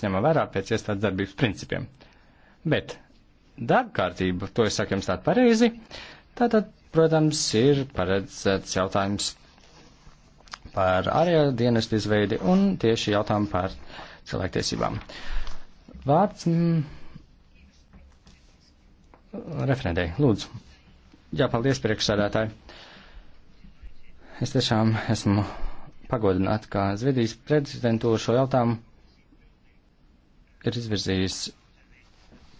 ņemam vērā pēc iestādes darbības principiem. Bet darba kārtību, to es saku jums tādu pareizi, tātad, protams, ir paredzēts jautājums par ārējā dienestu izveidi un tieši jautājumu par cilvēktiesībām. Vārds mm, referendēji, lūdzu. Jā, paldies priekšsādātāji. Es tiešām esmu pagodināta, ka Zviedrijas prezidentūra šo jautājumu ir izvirzījis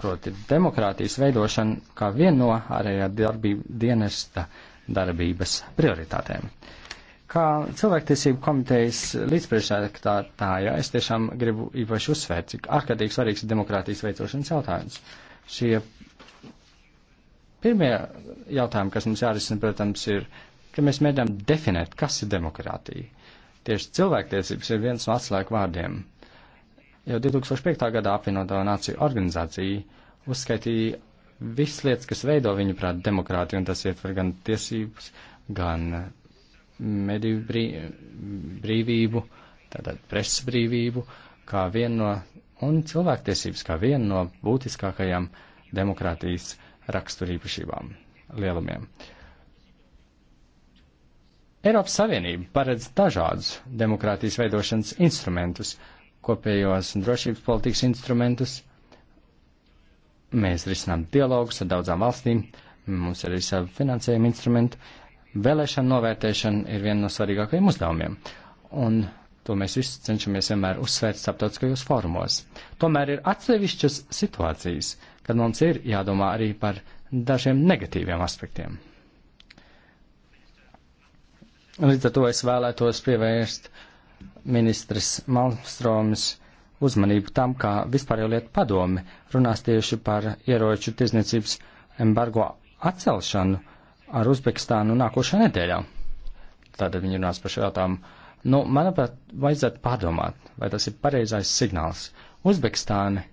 proti demokrātijas veidošanu kā vienu no ārējā darbība dienesta darbības prioritātēm. Kā cilvēktiesību komitejas līdzpriekšsēdētāja, es tiešām gribu īpaši uzsvērt, cik ārkārtīgi svarīgs ir demokrātijas veidošanas jautājums. Šie pirmie jautājumi, kas mums jārisina, protams, ir, ka mēs mēģinām definēt, kas ir demokrātija. Tieši cilvēktiesības ir viens no atslēgu vārdiem Jau 2005. gadā apvienoto nāciju organizācija uzskaitīja visas lietas, kas veido viņu prāt demokrātiju, un tas ietver gan tiesības, gan eh, mediju brīvību, tātad presas brīvību, kā vienu no, un cilvēktiesības kā vienu no būtiskākajām demokrātijas raksturīpašībām, lielumiem. Eiropas Savienība paredz dažādus demokrātijas veidošanas instrumentus, uh, kopējos drošības politikas instrumentus. Mēs risinām dialogus ar daudzām valstīm, mums ir arī savi finansējuma instrumenti. Vēlēšana novērtēšana ir viena no svarīgākajiem uzdevumiem, un to mēs visi cenšamies vienmēr uzsvērt starptautiskajos formos. Tomēr ir atsevišķas situācijas, kad mums ir jādomā arī par dažiem negatīviem aspektiem. Līdz ar to es vēlētos pievērst uh, ministrs Malmstroms uzmanību tam, kā vispārējo lietu padomi runās tieši par ieroču tirzniecības embargo atcelšanu ar Uzbekistānu nākošā nedēļā. Tātad viņi runās par šo jautājumu. Nu, manuprāt, vajadzētu pārdomāt, vai tas ir pareizais signāls. Uzbekistāna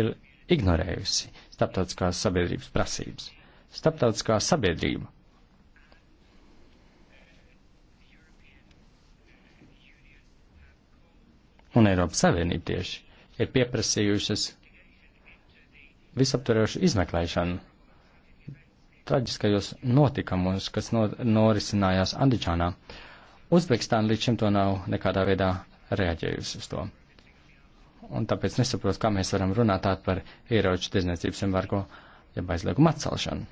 ir ignorējusi starptautiskās sabiedrības prasības. Starptautiskā sabiedrība un Eiropas Savienība tieši ir pieprasījušas visaptvarošu izmeklēšanu traģiskajos notikumos, kas no, norisinājās Andičānā. Uzbekistāna līdz šim to nav nekādā veidā reaģējusi uz to. Un tāpēc nesaprotu, kā mēs varam runāt tā par ieroču tirdzniecības embargo, ja aizliegumu atcelšanu.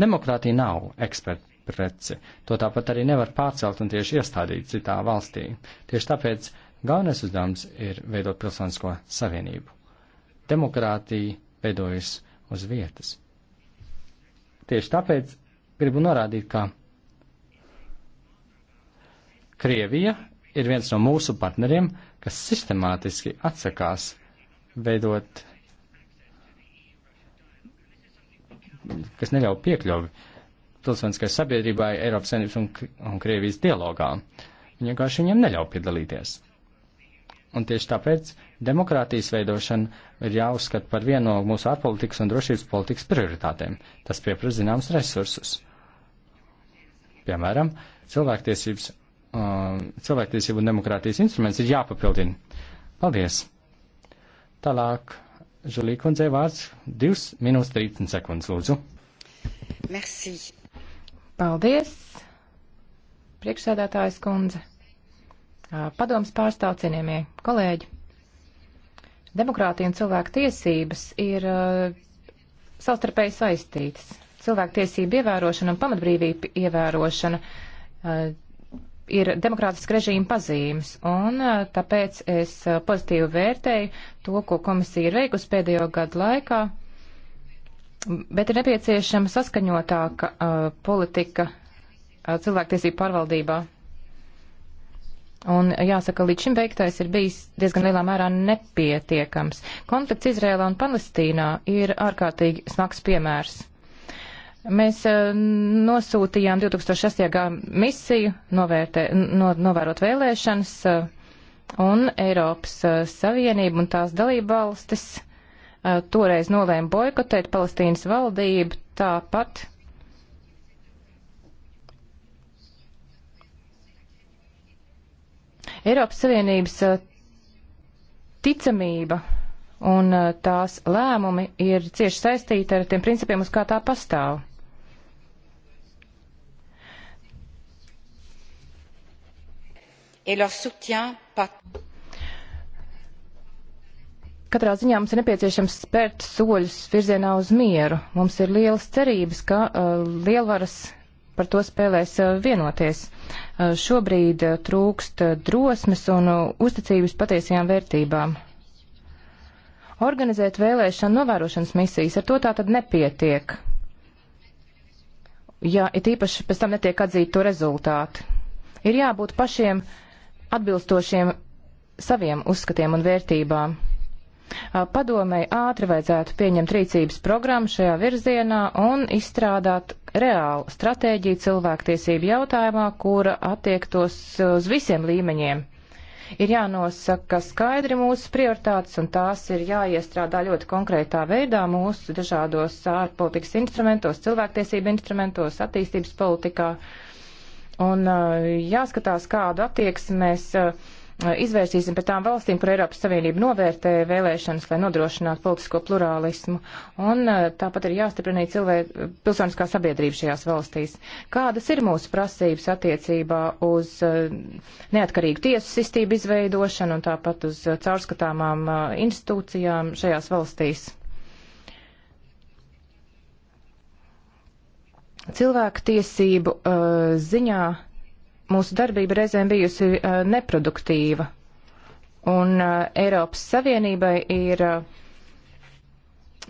Demokrātija nav eksperta preci. To tāpat arī nevar pārcelt un tieši iestādīt citā valstī. Tieši tāpēc galvenais uzdevums ir veidot pilsonisko savienību. Demokrātija veidojas uz vietas. Tieši tāpēc gribu norādīt, ka Krievija ir viens no mūsu partneriem, kas sistemātiski atsakās veidot, kas neļauj piekļuvi pilsoniskai sabiedrībai Eiropas Savienības un, un Krievijas dialogā. Viņi vienkārši viņiem neļauj piedalīties. Un tieši tāpēc demokrātijas veidošana ir jāuzskata par vienu no mūsu ārpolitikas un drošības politikas prioritātēm. Tas pieprasa zināms resursus. Piemēram, cilvēktiesības, um, cilvēktiesību un demokrātijas instruments ir jāpapildina. Paldies! Tālāk, Žulī kundzei vārds 2 minūtes 30 sekundes, lūdzu. Merci. Paldies, priekšsēdētājas kundze, padoms pārstāv cienījamie kolēģi. Demokrātija un cilvēku tiesības ir savstarpēji saistītas. Cilvēku tiesību ievērošana un pamatbrīvību ievērošana ir demokrātiska režīma pazīmes, un tāpēc es pozitīvi vērtēju to, ko komisija ir veikusi pēdējo gadu laikā, bet ir nepieciešama saskaņotāka uh, politika uh, cilvēktiesību pārvaldībā. Un uh, jāsaka, līdz šim veiktais ir bijis diezgan lielā mērā nepietiekams. Konflikts Izrēlā un Palestīnā ir ārkārtīgi smags piemērs. Mēs uh, nosūtījām 2006. gadā misiju novērtē, no, novērot vēlēšanas, uh, un Eiropas uh, Savienība un tās dalība valstis Eh, toreiz nolēma boikotēt Palestīnas valdību, tāpat Eiropas Savienības eh, ticamība un eh, tās lēmumi ir cieši saistīti ar tiem principiem, uz kā tā pastāv. Et leur soutien pat. Katrā ziņā mums ir nepieciešams spērt soļus virzienā uz mieru. Mums ir lielas cerības, ka uh, lielvaras par to spēlēs uh, vienoties. Uh, šobrīd uh, trūkst uh, drosmes un uh, uzticības patiesajām vērtībām. Organizēt vēlēšanu novērošanas misijas ar to tā tad nepietiek. Ja it īpaši pēc tam netiek atzīt to rezultāti. Ir jābūt pašiem atbilstošiem saviem uzskatiem un vērtībām. Padomēji ātri vajadzētu pieņemt rīcības programmu šajā virzienā un izstrādāt reālu stratēģiju cilvēktiesību jautājumā, kura attiektos uz visiem līmeņiem. Ir jānosaka skaidri mūsu prioritātes, un tās ir jāiestrādā ļoti konkrētā veidā mūsu dažādos ārpolitikas instrumentos, cilvēktiesību instrumentos, attīstības politikā. Un jāskatās, kādu attieksmi mēs. Uh, izvērsīsim pret tām valstīm, kur Eiropas Savienība novērtē vēlēšanas, lai nodrošinātu politisko plurālismu. Un eh, tāpat ir jāstiprina pilsoniskā sabiedrība šajās valstīs. Kādas ir mūsu prasības attiecībā uz eh, neatkarīgu tiesu sistību izveidošanu un tāpat uz eh, caurskatāmām institūcijām šajās valstīs? Cilvēku tiesību uh, ziņā uh, mūsu darbība reizēm bijusi uh, neproduktīva. Un uh, Eiropas Savienībai ir uh,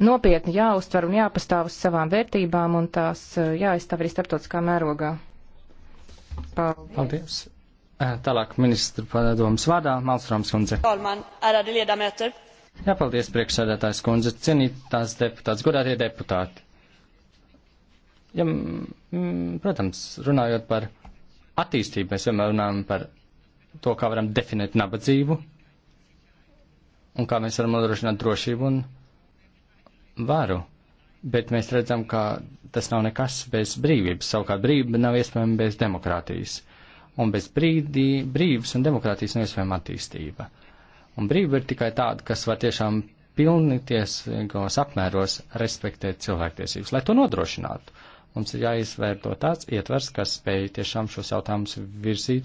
nopietni jāuztver un jāpastāv uz savām vērtībām un tās uh, jāaizstāv arī starptautiskā mērogā. Paldies! Paldies. Tālāk ministra padomas vārdā Malstrāms kundze. Jā, paldies priekšsēdētājs kundze, cienītās deputāts, godātie deputāti. Ja, m, protams, runājot par attīstību. Mēs vienmēr runājam par to, kā varam definēt nabadzību un kā mēs varam nodrošināt drošību un varu. Bet mēs redzam, ka tas nav nekas bez brīvības. Savukārt brīvība nav iespējama bez demokrātijas. Un bez brīdī, brīvības un demokrātijas nav iespējama attīstība. Un brīvība ir tikai tāda, kas var tiešām pilnīties, apmēros respektēt cilvēktiesības, lai to nodrošinātu. Mums ir jāizvērto tāds ietvers, kas spēj tiešām šos jautājumus virzīt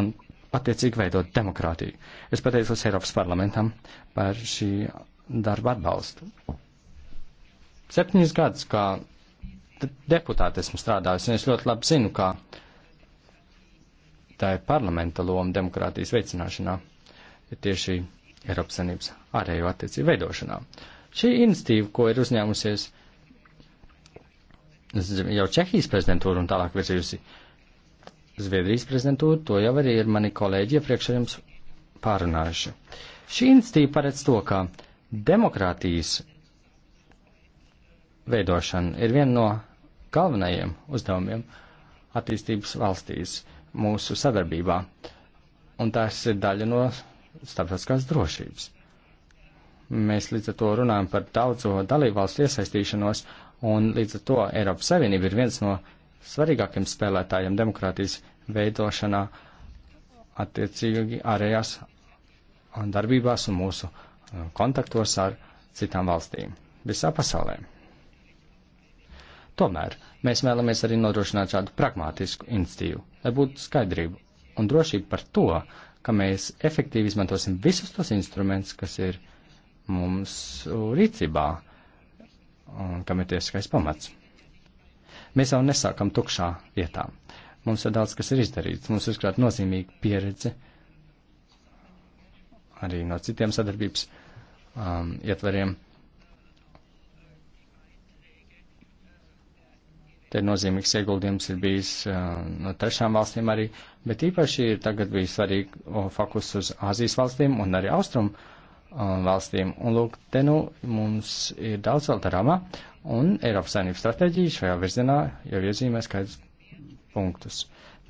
un attiecīgi veidot demokrātiju. Es pateicos Eiropas parlamentam par šī darba atbalstu. Septiņus gadus kā deputāte esmu strādājusi, un es ļoti labi zinu, kā tā ir parlamenta loma demokrātijas veicināšanā, ir tieši Eiropas Sanības ārējo attiecību veidošanā. Šī inicitīva, ko ir uzņēmusies jau Čehijas prezidentūra un tālāk virzījusi Zviedrijas prezidentūru, to jau arī ir mani kolēģi iepriekš ar jums pārunājuši. Šī institīva paredz to, ka demokrātijas veidošana ir viena no galvenajiem uzdevumiem attīstības valstīs mūsu sadarbībā, un tas ir daļa no starptautiskās drošības. Mēs līdz ar to runājam par daudzo dalībvalstu iesaistīšanos Un līdz ar to Eiropas Savienība ir viens no svarīgākiem spēlētājiem demokrātijas veidošanā attiecīgi ārējās darbībās un mūsu uh, kontaktos ar citām valstīm visā pasaulē. Tomēr mēs vēlamies arī nodrošināt šādu pragmātisku institīvu, lai būtu skaidrība un drošība par to, ka mēs efektīvi izmantosim visus tos instrumentus, kas ir mums rīcībā, uh, un kam ir tiesiskais pamats. Mēs jau nesākam tukšā vietā. Mums ir daudz, kas ir izdarīts. Mums ir uzkrāt nozīmīga pieredze arī no citiem sadarbības um, ietveriem. Te nozīmīgs ieguldījums ir bijis uh, no trešām valstīm arī, bet īpaši ir tagad bijis svarīgi fokus uz Āzijas valstīm un arī Austrumu Uh, valstīm. Un lūk, te nu mums ir daudz vēl darāmā, un Eiropas saimnības stratēģija šajā virzienā jau iezīmē skaidrs punktus.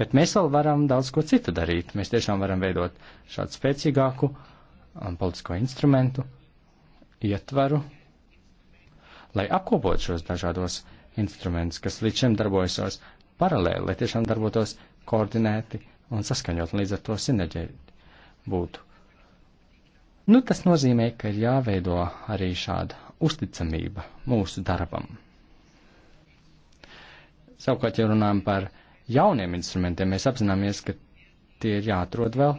Bet mēs vēl varam daudz ko citu darīt. Mēs tiešām varam veidot šādu spēcīgāku um, politisko instrumentu, ietvaru, lai apkopot šos dažādos instrumentus, kas līdz šim darbojusos paralēli, lai tiešām darbotos koordinēti un saskaņot, un līdz ar to sinerģēti būtu. Nu, tas nozīmē, ka ir jāveido arī šāda uzticamība mūsu darbam. Savukārt, ja runājam par jauniem instrumentiem, mēs apzināmies, ka tie ir jāatrod vēl,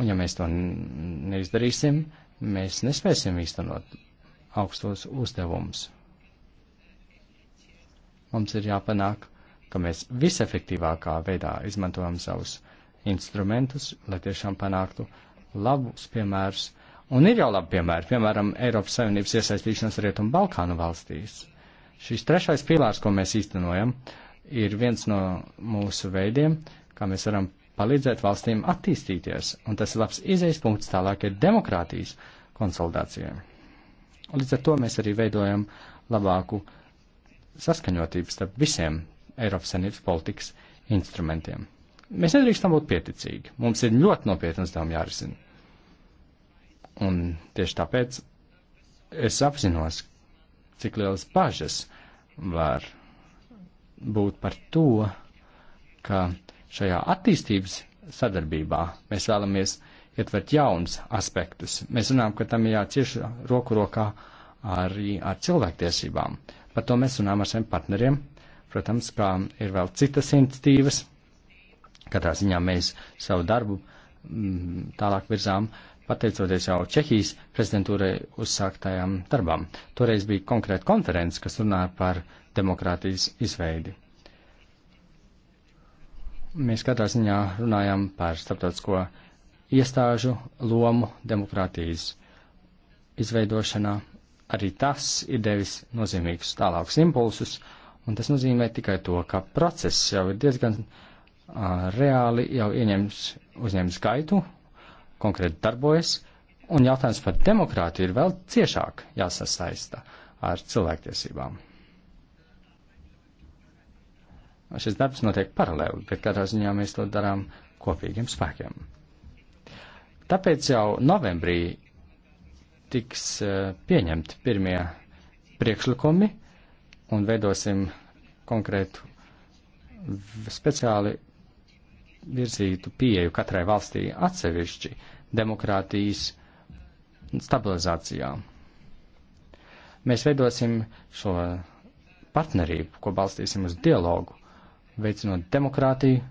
un ja mēs to neizdarīsim, mēs nespēsim īstenot augstos uzdevumus. Mums ir jāpanāk, ka mēs visefektīvākā veidā izmantojam savus instrumentus, lai tiešām panāktu labus piemērus. Un ir jau labi piemēri, piemēram, Eiropas Savienības iesaistīšanās Rietumu Balkānu valstīs. Šis trešais pilārs, ko mēs īstenojam, ir viens no mūsu veidiem, kā mēs varam palīdzēt valstīm attīstīties, un tas ir labs izējas punkts tālāk ir demokrātijas konsolidācijai. Līdz ar to mēs arī veidojam labāku saskaņotību starp visiem Eiropas Savienības politikas instrumentiem. Mēs nedrīkstam būt pieticīgi. Mums ir ļoti nopietnas dāmas jārisina. Un tieši tāpēc es apzinos, cik lielas bažas var būt par to, ka šajā attīstības sadarbībā mēs vēlamies ietvert jaunus aspektus. Mēs runājam, ka tam ir jācieš roku rokā arī ar cilvēktiesībām. Par to mēs runājam ar saviem partneriem. Protams, kā ir vēl citas iniciatīvas, Katrā ziņā mēs savu darbu mm, tālāk virzām, pateicoties jau Čehijas prezidentūrai uzsāktajām darbām. Toreiz bija konkrēta konference, kas runāja par demokrātijas izveidi. Mēs katrā ziņā runājam par starptautisko iestāžu lomu demokrātijas izveidošanā. Arī tas ir devis nozīmīgus tālākus impulsus, un tas nozīmē tikai to, ka process jau ir diezgan uh, reāli jau ieņems uzņēmumu skaitu, konkrēti darbojas, un jautājums par demokrātiju ir vēl ciešāk jāsasaista ar cilvēktiesībām. Šis darbs notiek paralēli, bet katrā ziņā mēs to darām kopīgiem spēkiem. Tāpēc jau novembrī tiks pieņemti pirmie priekšlikumi un veidosim konkrētu speciāli virzītu pieeju katrai valstī atsevišķi demokrātijas stabilizācijā. Mēs veidosim šo partnerību, ko balstīsim uz dialogu, veicinot demokrātiju,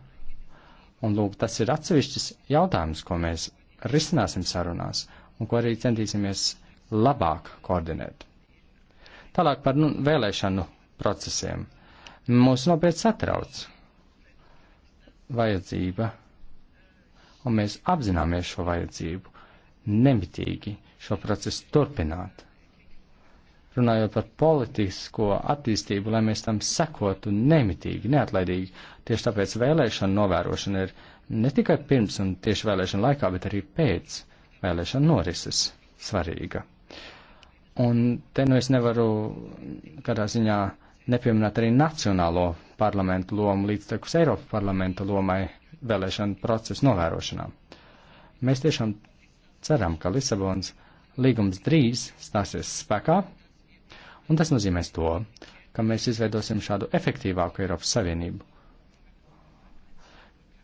un lūk, tas ir atsevišķis jautājums, ko mēs risināsim sarunās, un ko arī centīsimies labāk koordinēt. Tālāk par nu, vēlēšanu procesiem. Mūs nopietni satrauc, vajadzība, un mēs apzināmies šo vajadzību, nemitīgi šo procesu turpināt. Runājot par politisko attīstību, lai mēs tam sekotu nemitīgi, neatlaidīgi, tieši tāpēc vēlēšana novērošana ir ne tikai pirms un tieši vēlēšana laikā, bet arī pēc vēlēšana norises svarīga. Un te nu es nevaru kādā ziņā uh, nepieminēt arī nacionālo parlamentu lomu līdztekus Eiropas parlamenta lomai vēlēšanu procesu novērošanā. Mēs tiešām ceram, ka Lisabons līgums drīz stāsies spēkā, un tas nozīmēs to, ka mēs izveidosim šādu efektīvāku Eiropas Savienību,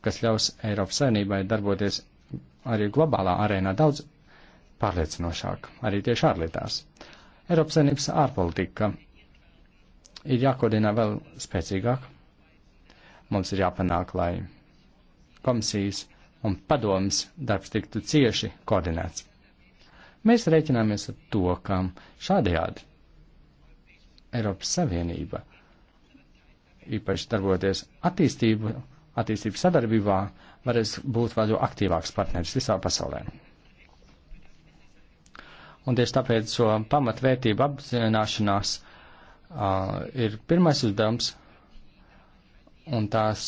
kas ļaus Eiropas Savienībai darboties arī globālā arēnā daudz pārliecinošāk, arī tieši ārlietās. Eiropas Savienības ārpolitika ir jākoordinē vēl spēcīgāk. Mums ir jāpanāk, lai komisijas un padomas darbs tiktu cieši koordinēts. Mēs reiķināmies ar to, ka šādajādi Eiropas Savienība, īpaši darboties attīstību, attīstības sadarbībā, varēs būt vēl jo aktīvāks partneris visā pasaulē. Un tieši tāpēc šo so pamatvērtību apzināšanās uh, ir pirmais uzdevums, un tās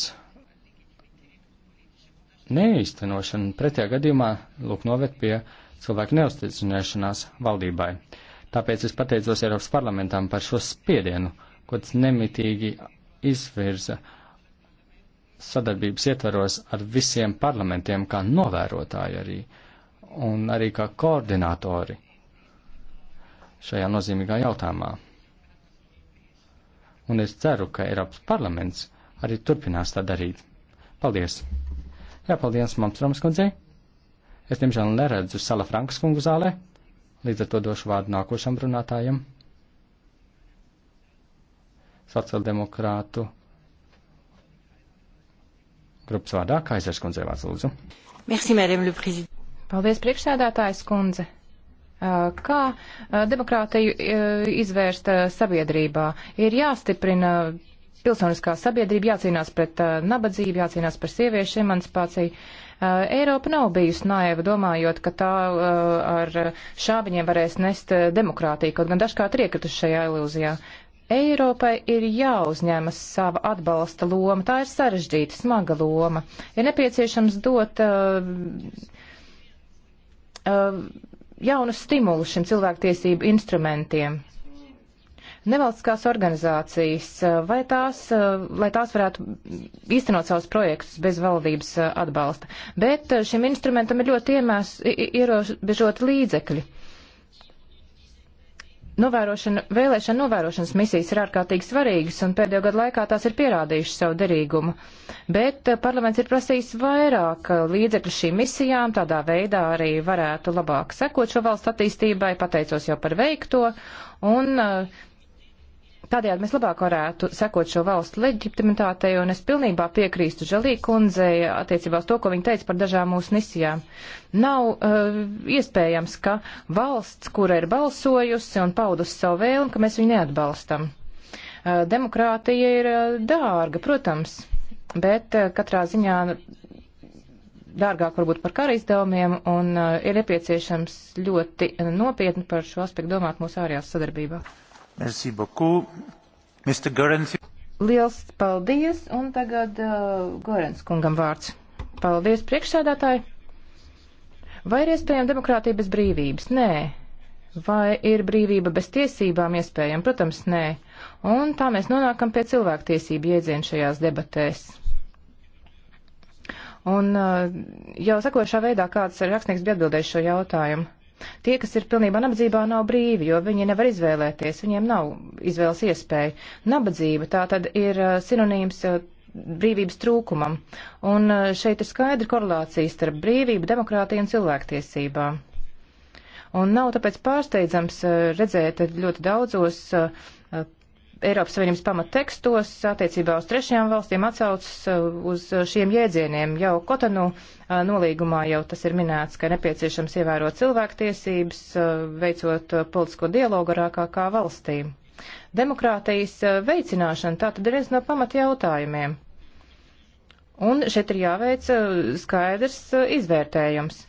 neīstenošana pretējā gadījumā lūk noved pie cilvēku neusticināšanās valdībai. Tāpēc es pateicos Eiropas parlamentam par šo spiedienu, ko tas nemitīgi izvirza sadarbības ietveros ar visiem parlamentiem, kā novērotāji arī, un arī kā koordinātori šajā nozīmīgā jautājumā un es ceru, ka Eiropas parlaments arī turpinās tā darīt. Paldies! Jā, paldies, Mamstroms kundzei! Es, diemžēl, neredzu Sala Frankas kungu zālē, līdz ar to došu vārdu nākošam runātājam. Sociāldemokrātu grupas vārdā Kaisers kundzei vārds lūdzu. Merci, madame le président. Paldies, priekšsēdētājs kundze. Uh, kā uh, demokrātiju uh, izvērst sabiedrībā? Ir jāstiprina pilsoniskā sabiedrība, jācīnās pret nabadzību, jācīnās par sieviešu emancipāciju. Eiropa nav bijusi naiva, domājot, ka tā ar šābiņiem varēs nest demokrātiju, kaut gan dažkārt iekrituši šajā ilūzijā. Eiropai ir jāuzņemas sava atbalsta loma. Tā ir sarežģīta, smaga loma. Ir nepieciešams dot. Uh, uh, jaunu stimulu šim cilvēktiesību instrumentiem. Nevalstiskās organizācijas, eh, vai tās, eh, lai tās varētu īstenot savus projektus bez valdības eh, atbalsta. Bet šim instrumentam ir ļoti iemēs, ierobežoti līdzekļi. Novērošana, vēlēšana novērošanas misijas ir ārkārtīgi svarīgas, un pēdējo gadu laikā tās ir pierādījušas savu derīgumu. Bet eh, parlaments ir prasījis vairāk eh, līdzekļu šīm misijām, tādā veidā arī varētu labāk sekot šo valstu attīstībai, pateicos jau par veikto, un uh, Tādējādi mēs labāk varētu sekot šo valstu leģitimitātei, un es pilnībā piekrīstu Žalī kundzei attiecībā uz to, ko viņa teica par dažām mūsu misijām. Nav uh, iespējams, ka valsts, kura ir balsojusi un paudusi savu vēlmu, ka mēs viņu neatbalstam. Uh, demokrātija ir uh, dārga, protams, bet uh, katrā ziņā dārgāk varbūt par kara izdevumiem, un uh, ir nepieciešams ļoti uh, nopietni par šo aspektu domāt mūsu ārējās sadarbībā. Merci beaucoup. Mr. Görens. Liels paldies, un tagad uh, Gorens kungam vārds. Paldies, priekšsēdētāji. Vai ir iespējama demokrātija bez brīvības? Nē. Vai ir brīvība bez tiesībām iespējama? Protams, nē. Un tā mēs nonākam pie cilvēktiesību iedzienu šajās debatēs. Un uh, jau sakošā veidā kāds rakstnieks bija atbildējis šo jautājumu. Tie, kas ir pilnībā nabadzībā, nav brīvi, jo viņi nevar izvēlēties, viņiem nav izvēles iespēja. Nabadzība tā tad ir uh, sinonīms uh, brīvības trūkumam, un uh, šeit ir skaidra korelācija starp brīvību, demokrātiju un cilvēktiesībām. Un nav tāpēc pārsteidzams redzēt ļoti daudzos uh, Eiropas Savienības pamattekstos attiecībā uz trešajām valstīm atsaucas uh, uz uh, šiem jēdzieniem. Jau Kotonu uh, nolīgumā jau tas ir minēts, ka nepieciešams ievērot cilvēktiesības, veicot politisko dialogu ar ārkārtā valstīm. Demokrātijas veicināšana tā tad ir viens no pamatjautājumiem. Un šeit ir jāveic skaidrs izvērtējums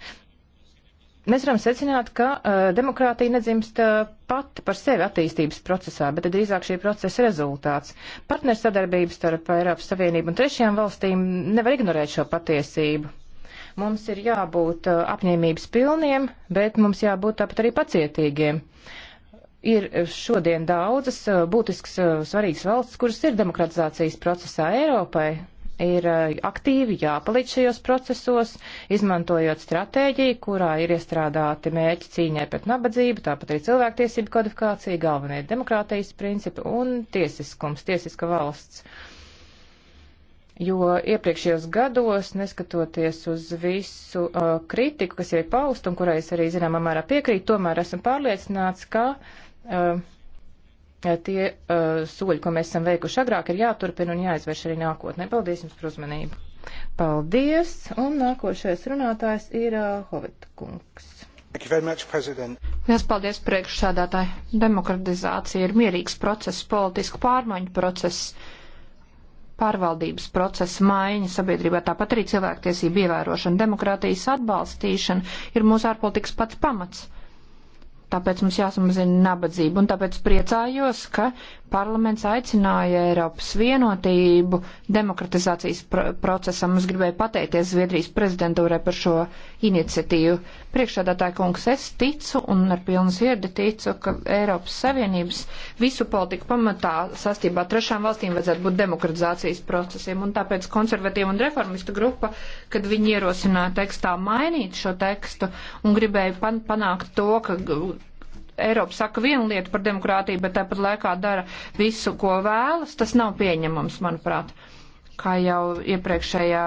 mēs varam secināt, ka uh, demokrātija nedzimst uh, pati par sevi attīstības procesā, bet drīzāk šī procesa rezultāts. Partnersadarbības starp Eiropas Savienību un trešajām valstīm nevar ignorēt šo patiesību. Mums ir jābūt uh, apņēmības pilniem, bet mums jābūt tāpat arī pacietīgiem. Ir šodien daudzas uh, būtiskas, uh, svarīgas valsts, kuras ir demokratizācijas procesā Eiropai, ir aktīvi jāpalīdz šajos procesos, izmantojot stratēģiju, kurā ir iestrādāti mērķi cīņai pret nabadzību, tāpat arī cilvēktiesību kodifikācija, galvenie demokrātijas principi un tiesiskums, tiesiska valsts. Jo iepriekšējos gados, neskatoties uz visu uh, kritiku, kas jau ir paust un kurai es arī zināmā mērā piekrītu, tomēr esmu pārliecināts, ka uh, tie uh, soļi, ko mēs esam veikuši agrāk, ir jāturpina un jāizvērš arī nākotnē. Paldies jums par uzmanību. Paldies, un nākošais runātājs ir uh, Hovita kungs. Liels paldies priekšsādātāji. Demokratizācija ir mierīgs process, politisku pārmaiņu process, pārvaldības procesa maiņa sabiedrībā, tāpat arī cilvēktiesība ievērošana, demokrātijas atbalstīšana ir mūsu ārpolitikas pats pamats Tāpēc mums jāsamazina nabadzība, un tāpēc priecājos, ka parlaments aicināja Eiropas vienotību demokratizācijas pro procesam. Es gribēju pateikties Zviedrijas prezidentūrai par šo iniciatīvu. Priekšādātāja kungs, es ticu un ar pilnu sirdi ticu, ka Eiropas Savienības visu politiku pamatā sastībā trešām valstīm vajadzētu būt demokratizācijas procesiem, un tāpēc konservatīva un reformistu grupa, kad viņi ierosināja tekstā mainīt šo tekstu un gribēja pan panākt to, ka Eiropa saka vienu lietu par demokrātiju, bet tāpat laikā dara visu, ko vēlas, tas nav pieņemams, manuprāt. Uh, Kā jau iepriekšējā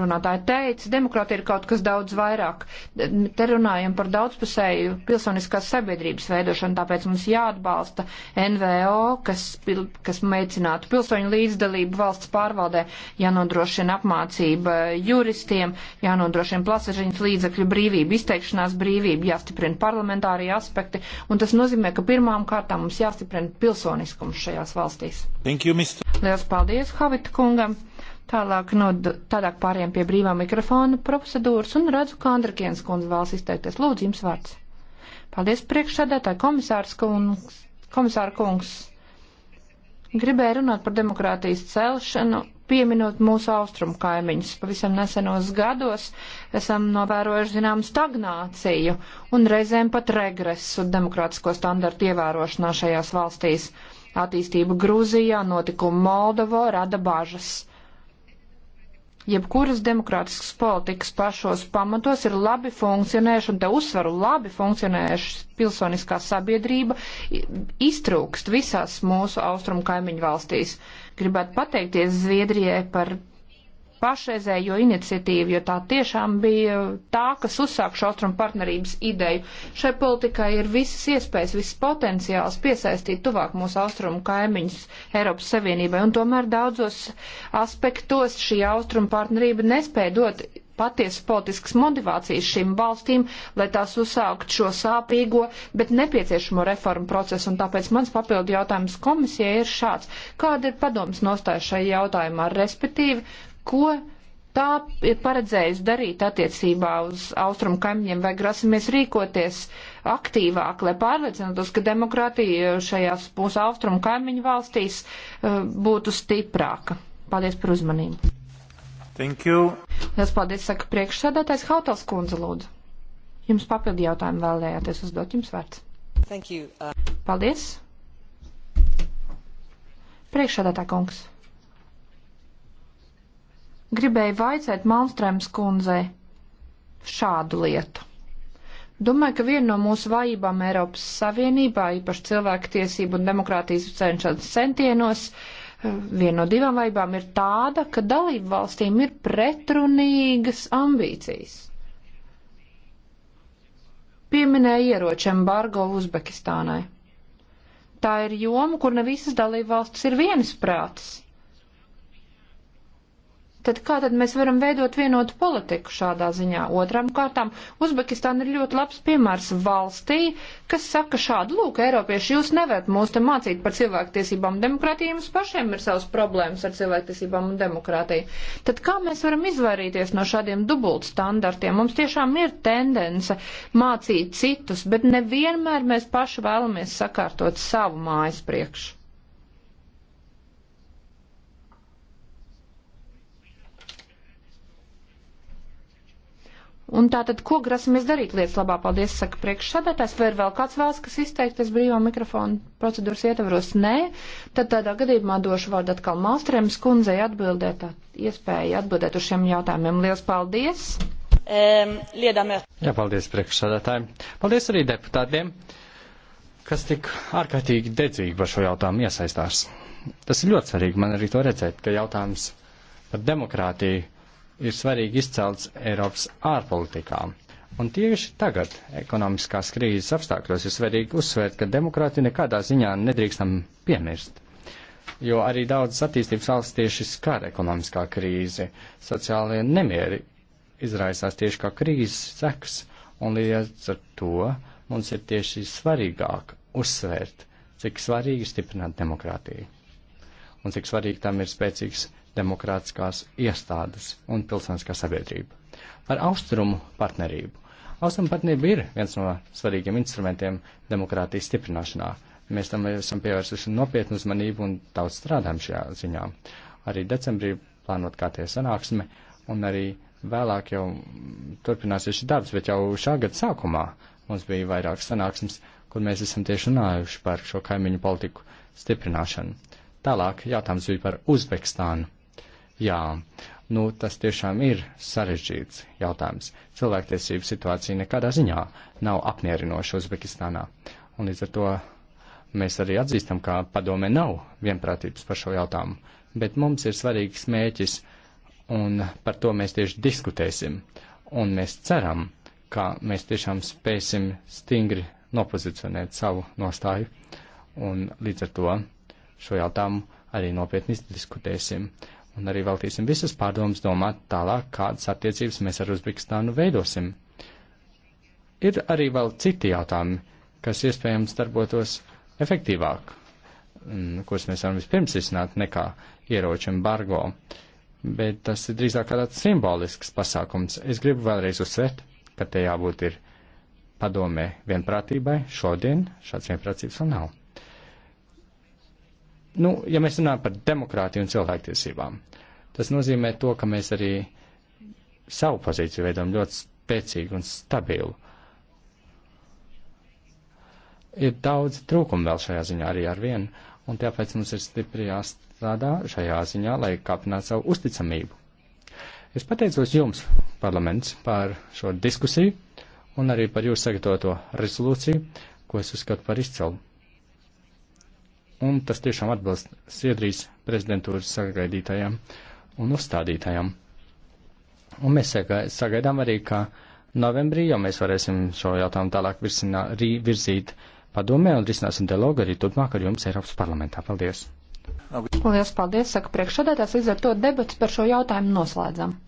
runātāja teica, demokrātija ir kaut kas daudz vairāk. Te runājam par daudzpusēju pilsoniskās sabiedrības veidošanu, tāpēc mums jāatbalsta NVO, kas, kas meicinātu pilsoņu līdzdalību valsts pārvaldē, jānodrošina apmācība juristiem, jānodrošina plasažiņas līdzekļu brīvība, izteikšanās brīvība, jāstiprina parlamentārie aspekti, un tas nozīmē, ka pirmām kārtām mums jāstiprina pilsoniskums šajās valstīs. Thank you, Mr. Liels paldies Havita kungam! Tālāk, no, tālāk pāriem pie brīvā mikrofona procedūras un redzu, ka Andrikienas kundze vēlas izteikties. Lūdzu, jums vārds. Paldies priekšsādātāji komisārs kungs. Komisāra kungs. Gribēju runāt par demokrātijas celšanu, pieminot mūsu austrumu kaimiņus. Pavisam nesenos gados esam novērojuši zinām stagnāciju un reizēm pat regresu demokrātisko standartu ievērošanā šajās valstīs. Attīstība Grūzijā, notikumu Moldovo rada bažas jebkuras demokrātiskas politikas pašos pamatos ir labi funkcionējuši, un te uzsvaru labi funkcionējuši pilsoniskā sabiedrība iztrūkst visās mūsu austrumu kaimiņu valstīs. Gribētu pateikties Zviedrijai par pašreizējo iniciatīvu, jo tā tiešām bija tā, kas uzsāk šo austrumu partnerības ideju. Šai politikai ir visas iespējas, viss potenciāls piesaistīt tuvāk mūsu austrumu kaimiņus Eiropas Savienībai, un tomēr daudzos aspektos šī austrumu partnerība nespēja dot patiesas politiskas motivācijas šīm valstīm, lai tās uzsākt šo sāpīgo, bet nepieciešamo reformu procesu. Un tāpēc mans papildu jautājums komisijai ir šāds. Kāda ir padomas nostāja šai jautājumā? Respektīvi, ko tā ir paredzējusi darīt attiecībā uz austrumu kaimiņiem, vai grasamies rīkoties aktīvāk, lai pārliecinātos, ka demokrātija šajās mūsu austrumu kaimiņu valstīs eh, būtu stiprāka. Paldies par uzmanību. Thank you. Es paldies, saka priekšsēdētājs Hautals kundze, lūdzu. Jums papildi jautājumu vēlējāties uzdot, jums vērts. Thank you. Uh... Paldies. Priekšsēdētā kungs gribēju vaicāt Malmstrēms kundzei šādu lietu. Domāju, ka viena no mūsu vājībām Eiropas Savienībā, īpaši cilvēku tiesību un demokrātijas cenšanas centienos, viena no divām vājībām ir tāda, ka dalību valstīm ir pretrunīgas ambīcijas. Pieminēja ieroču embargo Uzbekistānai. Tā ir joma, kur ne visas dalību valstis ir vienas prātas Tad kā tad mēs varam veidot vienotu politiku šādā ziņā? Otram kārtām, Uzbekistāna ir ļoti labs piemērs valstī, kas saka šādu, lūk, Eiropieši, jūs nevarat mūs te mācīt par cilvēktiesībām un demokrātiju, jums pašiem ir savas problēmas ar cilvēktiesībām un demokrātiju. Tad kā mēs varam izvairīties no šādiem dubult standartiem? Mums tiešām ir tendence mācīt citus, bet nevienmēr mēs paši vēlamies sakārtot savu mājas priekšu. Un tātad, ko grasamies darīt lietas labā? Paldies, saka priekšsādātājs. Vai ir vēl kāds vēlas, kas izteikties brīvā mikrofona procedūras ietvaros? Nē. Tad tādā gadījumā došu vārdu atkal Malstrēmas kundzei atbildēt, tā iespēja atbildēt uz šiem jautājumiem. Lielas paldies! Um, Jā, paldies priekšsādātājiem. Paldies arī deputātiem, kas tik ārkārtīgi dedzīgi par šo jautājumu iesaistās. Tas ir ļoti svarīgi man arī to redzēt, ka jautājums par demokrātiju ir svarīgi izcelts Eiropas ārpolitikā. Un tieši tagad, ekonomiskās krīzes apstākļos, ir svarīgi uzsvērt, ka demokrātija nekādā ziņā nedrīkstam piemirst. Jo arī daudzas attīstības valsts tieši skar ekonomiskā krīze, sociālajie nemieri izraisās tieši kā krīzes seks, un līdz ar to mums ir tieši svarīgāk uzsvērt, cik svarīgi stiprināt demokrātiju un cik svarīgi tam ir spēcīgs demokrātiskās iestādes un pilsoniskā sabiedrība. Par austrumu partnerību. Austrumu partnerība ir viens no svarīgiem instrumentiem demokrātijas stiprināšanā. Mēs tam esam pievērsuši nopietnu uzmanību un daudz strādājam šajā ziņā. Arī decembrī plānot kārtie sanāksme un arī vēlāk jau turpināsies šis darbs, bet jau šā gada sākumā mums bija vairākas sanāksmes, kur mēs esam tieši runājuši par šo kaimiņu politiku stiprināšanu. Tālāk jautājums bija par Uzbekistānu. Jā, nu tas tiešām ir sarežģīts jautājums. Cilvēktiesību situācija nekādā ziņā nav apmierinoša Uzbekistānā. Un līdz ar to mēs arī atzīstam, ka padome nav vienprātības par šo jautājumu. Bet mums ir svarīgs mēķis, un par to mēs tieši diskutēsim. Un mēs ceram, ka mēs tiešām spēsim stingri nopozicionēt savu nostāju. Un līdz ar to šo jautājumu arī nopietni diskutēsim un arī veltīsim visas pārdomas domāt tālāk, kādas attiecības mēs ar Uzbekistānu veidosim. Ir arī vēl citi jautājumi, kas iespējams darbotos efektīvāk, kurus mēs varam vispirms izsnāt nekā ieroču embargo, bet tas ir drīzāk kā tāds simbolisks pasākums. Es gribu vēlreiz uzsvērt, ka te jābūt ir padomē vienprātībai, šodien šāds vienprātības vēl nav. Nu, ja mēs runājam par demokrātiju un cilvēktiesībām, tas nozīmē to, ka mēs arī savu pozīciju veidojam ļoti spēcīgu un stabilu. Ir daudz trūkumu vēl šajā ziņā arī ar vienu, un tāpēc mums ir stipri jāstrādā šajā ziņā, lai kāpinātu savu uzticamību. Es pateicos jums, parlaments, par šo diskusiju un arī par jūsu sagatavoto rezolūciju, ko es uzskatu par izcelu un tas tiešām atbilst Siedrijas prezidentūras sagaidītajam un uzstādītajam. Un mēs sagaidām arī, ka novembrī jau mēs varēsim šo jautājumu tālāk virsinā, rī, virzīt padomē un risināsim dialogu arī turpmāk ar jums Eiropas parlamentā. Paldies! Lielas paldies, saka priekšsēdētājs, līdz ar to debats par šo jautājumu noslēdzam.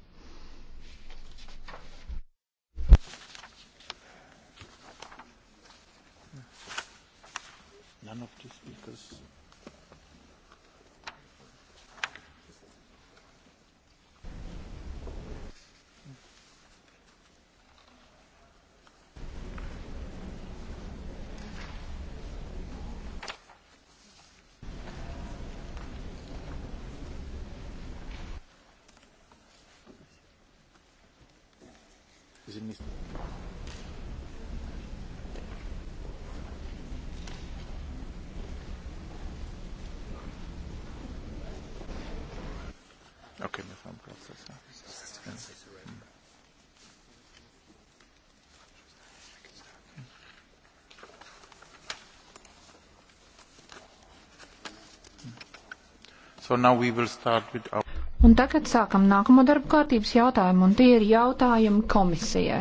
Sie nicht. Okay, wir fahren Prozess. Ja. So now we will start with our Un tagad sākam nākamo darba kārtības jautājumu, un tie ir jautājumi komisijai.